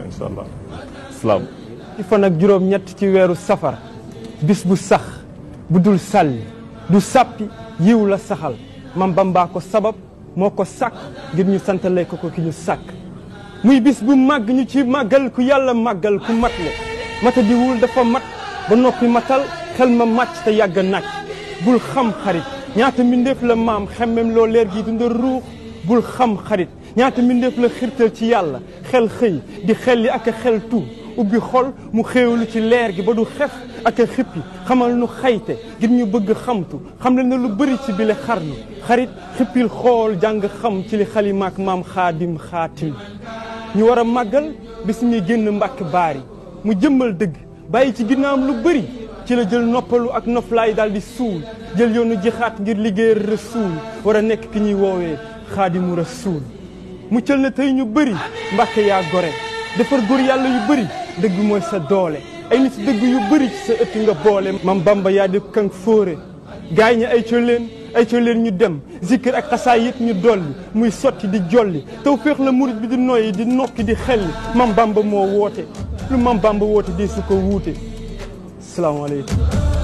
incha allah salaam ci juróom ñett ci weeru safar bis bu sax bu dul sàlli du sàppi yiw la saxal mam bambaa ko sabab moo ko sàkk ngir ñu santalee ko ko ki ñu sàkk muy bis bu màgg ñu ci màggal ku yàlla màggal ku mat le mata di wul dafa mat ba noppi matal xel ma màcc te yàgg a bul xam xarit ñaata mbindeef la maam xemmem loo leer gi dunda ruux bul xam xarit ñaata mbindeef la xirtal ci yàlla xel xëy di xel li ak a xel tu ubbi xol mu xéewalu ci leer gi ba du xef ak a xamal nu xayte ngir ñu bëgg xamtu xam le na lu bëri ci bile xarnu xarit xippil xool jàng xam ci li xalimaak maam xaadim xaatim ñu war a màggal bis mi génn mbàkk baari mu jëmmal dëgg bàyyi ci ginnaam lu bëri ci la jël noppalu ak noflaay daal di suul jël yoonu jixaat ngir liggéey rësuul war a nekk ki ñuy woowee xaadimu rasuul muccal na tey ñu bëri mbàkke yaa gore defar góor yàlla yu bëri dëgg mooy sa doole ay nit dëgg yu bëri ci sa ëtt nga boole mam bamba yaa di kang fóore gaay ñi ay coleen ay coleen ñu dem zikkër ak xasaay yit ñu dolli muy sotti di jolli taw féex la murit bi di noyyi di nokki di xelli mam bamba moo woote lu mam woote di su ko wuute salaamaaleykum